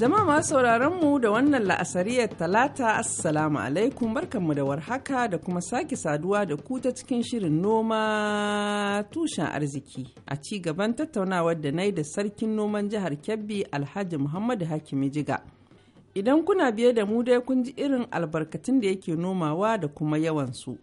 Jama'a masu sauraron mu da wannan la'asariyar talata assalamu alaikum barkanmu da warhaka da kuma sake saduwa da ku ta cikin shirin noma tushen arziki a ci gaban tattaunawar da na yi da sarkin noman jihar Kebbi Alhaji Muhammadu Hakimi Jiga. Idan kuna biye da mu dai kun ji irin albarkatun da yake nomawa da kuma yawansu.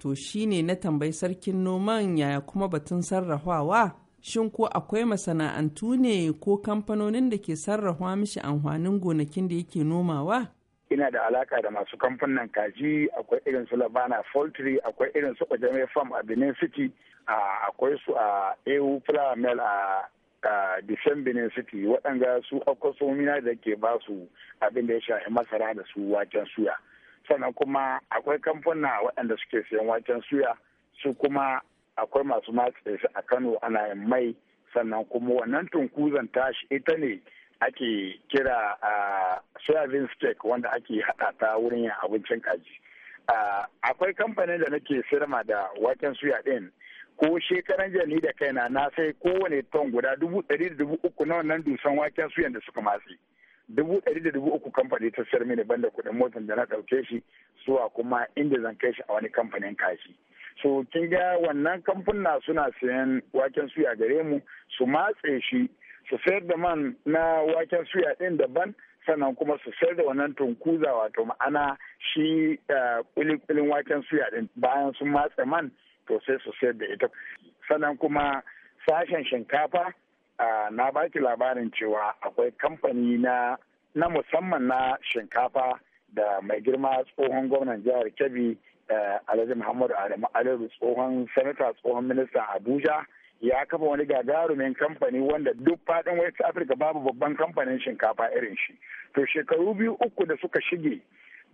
To shine na tambayi sarkin noman yaya kuma batun sarrafawa Shin ko akwai masana'antu ne ko kamfanonin da ke sarrafa mishi amfanin gonakin da yake nomawa? Ina da alaka da masu kamfanin kaji, akwai irin su Labana Poultry, akwai irin su Ojame Farm a Benin City, akwai su a EU Flour Mill a a Dishen Benin City waɗanda su akwasomina da ke ba su abin da ya shafi masara da su waken suya. Sannan kuma akwai kamfuna waɗanda suke siyan waken suya su kuma akwai masu matsa shi a kano ana mai sannan kuma wannan tunkuzan tashi ita ne ake kira a soyabin steak wanda ake haɗa ta wurin yin abincin kaji akwai kamfanin da nake sirma da waken suya ɗin ko shekaran jani da kaina na sai kowane ton guda dubu ɗari da dubu uku na wannan dusan waken suyan da suka matse dubu ɗari da dubu uku kamfani ta sirmi ne banda kuɗin motar da na ɗauke shi zuwa kuma inda zan kai shi a wani kamfanin kashi. so kin ga wannan kamfuna suna sayan waken suya gare mu su matse shi su sayar da man na waken suya ɗin daban sannan kuma su sayar da wannan tunkuza wato ma'ana shi kulikulin eh, waken suya ɗin bayan sun matse man to sai su sayar da ita sannan kuma sashen shinkafa na baki labarin cewa akwai kamfani na na musamman na shinkafa da mai girma tsohon gwamnan jihar kebbi Eh, alhaji muhammadu adamu alaru tsohon sanata tsohon minista abuja ya kafa wani gagarumin kamfani wanda duk fadin west africa babu babban kamfanin shinkafa irin shi to shekaru biyu uku da suka shige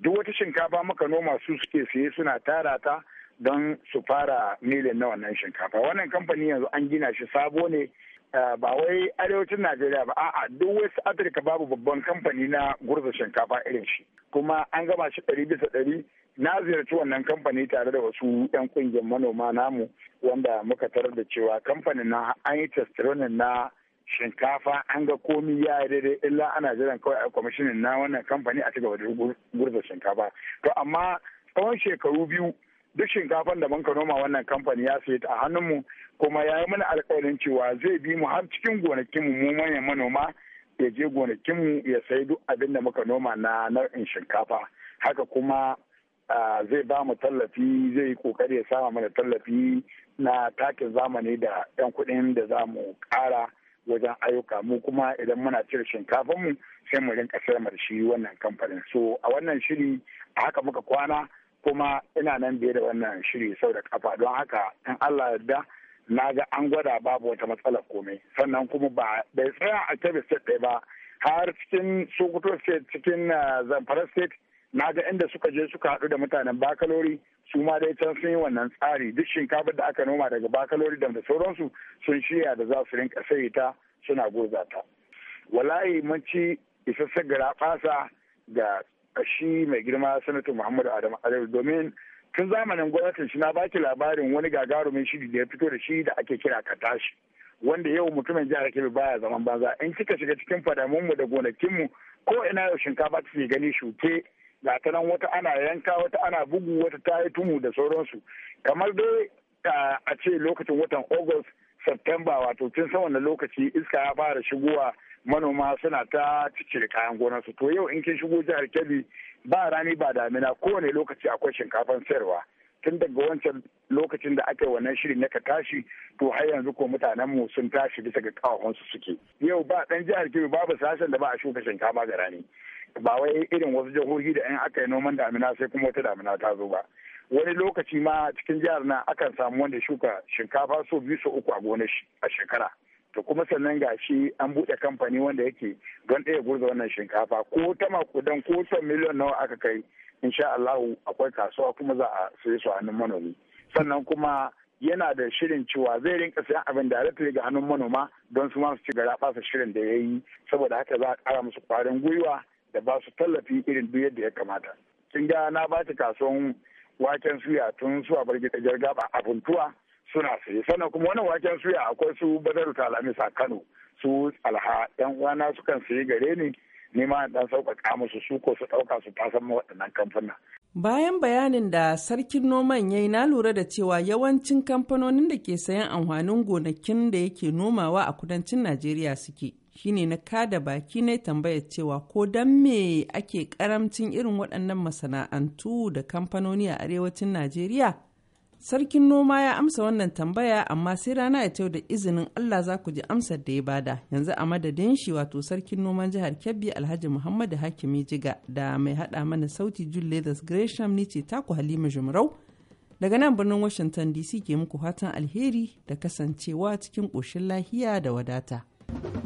duk wata shinkafa muka noma su suke siye suna tara ta don su fara milin na wannan shinkafa wannan kamfani yanzu an gina shi sabo ne eh, ba wai arewacin najeriya ba a'a duk west africa babu babban kamfani na gurza shinkafa irin shi kuma an gama shi ɗari bisa ɗari na ziyarci wannan kamfani tare da wasu 'yan kungiyar manoma namu wanda muka tarar da cewa kamfanin na an yi testosterone na shinkafa an ga komi ya yi daidai illa ana jiran kawai a kwamishinin na wannan kamfani a cigaba da gurbin shinkafa to amma tsawon shekaru biyu duk shinkafan da muka noma wannan kamfani ya sayi ta a hannunmu kuma ya yi mana alkawarin cewa zai bi mu har cikin gonakinmu mu manyan manoma ya je gonakin mu ya sayi duk abin da muka noma na nau'in shinkafa haka kuma zai ba mu tallafi zai yi kokari ya sama mana tallafi na takin zamani da 'yan kuɗin da za mu ƙara wajen ayyuka mu kuma idan muna cire shinkafin mu sai mu rinka sayar shi wannan kamfanin so a wannan shiri a haka muka kwana kuma ina nan biye da wannan shiri sau da kafa don haka in Allah yarda na ga an gwada babu wata matsala komai sannan kuma ba bai tsaya a tabi state ɗaya ba har cikin Sokoto state cikin eh, Zamfara state na ga inda suka je suka haɗu da mutanen bakalori su ma dai can sun yi wannan tsari duk shinkafa da aka noma daga bakalori da sauransu sun shirya da za su rinka sai ta suna goza ta wallahi mun ci isassa gara fasa ga shi mai girma sanatu muhammadu adamu adamu domin tun zamanin gwamnatin shi na baki labarin wani gagarumin shiri da ya fito da shi da ake kira ka tashi wanda yau mutumin jihar kebbi baya zaman banza in kika shiga cikin mu da gonakinmu ko ina yau shinkafa ta gani shuke ga nan wata ana yanka wata ana bugu wata ta yi tumu da sauransu kamar dai a ce lokacin watan august september wato tun sama da lokaci iska ya fara shigowa manoma suna ta cicire kayan gonarsu to yau in kin shigo jihar kebbi ba rani ba damina kowane lokaci akwai shinkafan sayarwa tun daga wancan lokacin da aka yi wannan shirin na ka tashi to har yanzu ko mutanen mu sun tashi bisa ga kawahonsu suke yau ba dan jihar kebbi babu sashen da ba a shuka shinkafa ga rani ba wai irin wasu jihohi da in aka yi noman damina sai kuma wata damina ta zo ba wani lokaci ma cikin jihar nan akan samu wanda shuka shinkafa so biyu so uku a gonar a shekara to kuma sannan ga shi an buɗe kamfani wanda yake don ɗaya gurza wannan shinkafa ko ta makudan ko ta miliyan nawa aka kai insha Allahu akwai kasuwa kuma za a saye su a hannun manomi sannan kuma yana da shirin cewa zai rinka sayan abin da rafi ga hannun manoma don su ma su ci gara shirin da ya yi saboda haka za a kara musu kwarin gwiwa da ba su tallafi irin duk yadda ya kamata kin ga na ba ta kasuwan waken suya tun su a bar gidajen gaba a funtuwa suna saye sannan kuma wannan waken suya akwai su badaru talamis a kano su alha yan uwana sukan sayi gare ni ni ma dan sauƙaƙa musu su ko su ɗauka su fasan ma waɗannan kamfuna. Bayan bayanin da sarkin noman ya yi na lura da cewa yawancin kamfanonin da ke sayan amfanin gonakin da yake nomawa a kudancin Najeriya suke. shine na kada baki na tambaya cewa ko don me ake karamcin irin waɗannan masana'antu da kamfanoni a arewacin Najeriya? Sarkin noma ya amsa wannan tambaya amma sai rana ya tau da izinin Allah za ku ji amsar da ya bada yanzu a madadin shi wato sarkin noman jihar Kebbi Alhaji muhammad Hakimi Jiga da mai hada mana sauti Julius Gresham ni ce taku Halima Jumrau daga nan birnin Washington DC ke muku fatan alheri da kasancewa cikin ƙoshin lahiya da wadata.